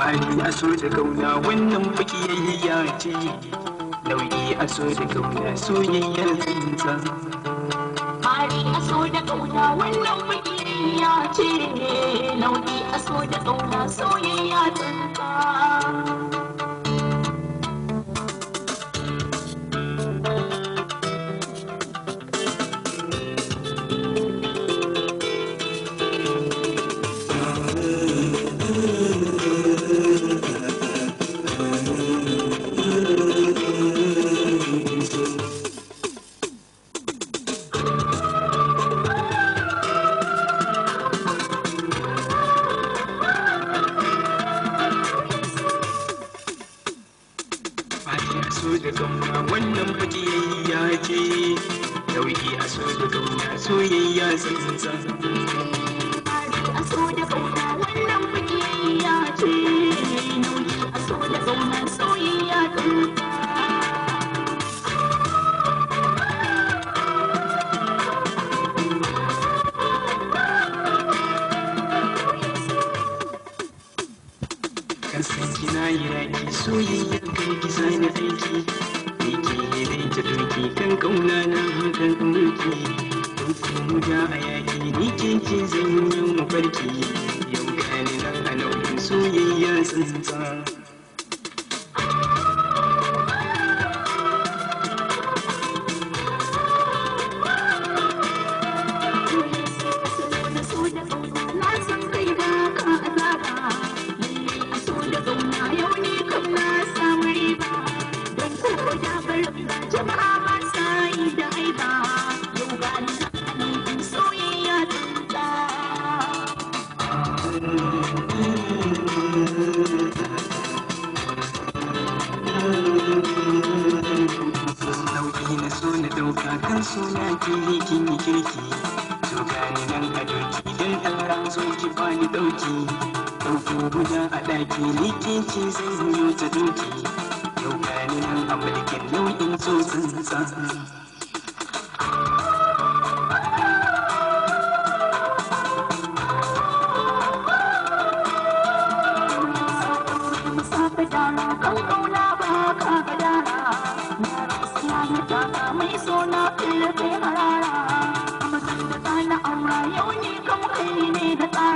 fadi a so da gauna wannan baki yayya ce nauyi a so da gauna soyayyar tsinta fadi a so da gauna wannan baki yayya ce nauyi a so da gauna soyayyar tsinta dan fakiyayya ce dauki a so da kauna soyayya a so da kauna wannan ya ce a so da kauna soyayya aiki ke kan kauna na hakan mulki don kuma ja a yaki ni ke ke zan yi mafarki yau gani na a nau'in soyayya tsantsa Thank you. suna ke kinyi kirki to gani nan a doki don Allah zo ki bani dauki daukin guda a ɗaki likinci zai yi ta doki yau gani nan a mulkin nau'in tsotsin tsatsa zana kan kauna ba ka ga dana na gaskiya ya taka mai sona illa kai harara amma da tsana aura yau ne kam ne da tsana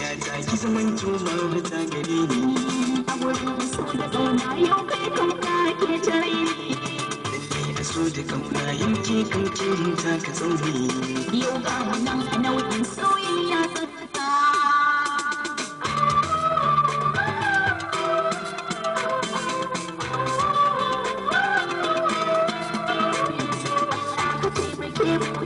yari a ki zamancin zaure ta gare ni a gurin so da zauna yau kai ni lalle a so da kauna ta Thank you.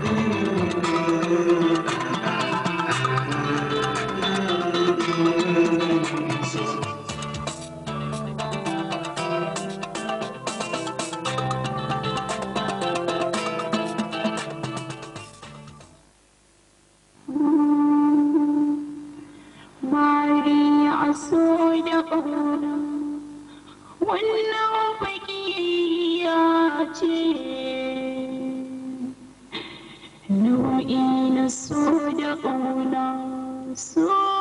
wannan fakiya ce nau'i na no so